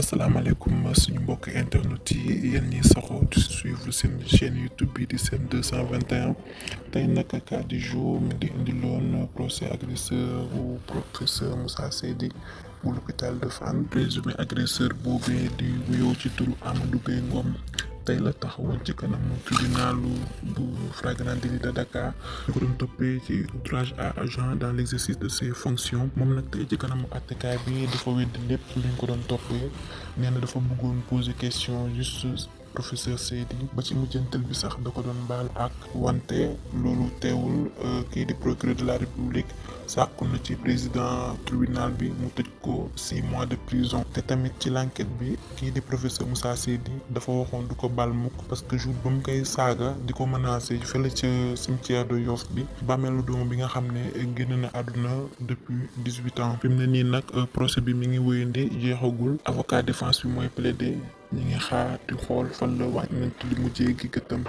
asalaamaaleykum suñu mbokk internet yi yéen ñi saxoo di suivre seen chaîne YouTube bi di Sen tey nag cas du jour mi indiloon procès agresseur bu professeur Moussa bu l'hôpital de Fann présumé agresseur boobee di wuyoo ci turu Amadou Gueye Ngom tey la taxawal ci kanamu tribunalu bu flagrant délit de Dakar ñu ko doon toppee ci outrage à agent dans l' de ses fonctions moom nag tey ci kanamu attekaay bi dafa wedd lépp lu ko doon toppee nee na dafa bëggoon poser question juste professeur Seydi ba ci mujjantal bi sax da ko doon baal ak wante loolu teewul euh, kii di procureur de la république sàkku na ci président tribunal bi mu tëj ko six mois de prison te tamit ci l'enquête bi kii di professeur Moussa Seydi dafa waxoon du ko baal mukk parce que jour ba mu koy saaga di ko menacé ci ca cimetière de Yoff bi bàmmeelu doom bi nga xam ne génn na àdduna depuis dix-huit ans fi mu ne nii nag euh, procès bi mi ngi wéyandi jeexagul avocat défense bi mooy plaider ñi ngi di xool fan la wàññi li mu jéggi gëtëm.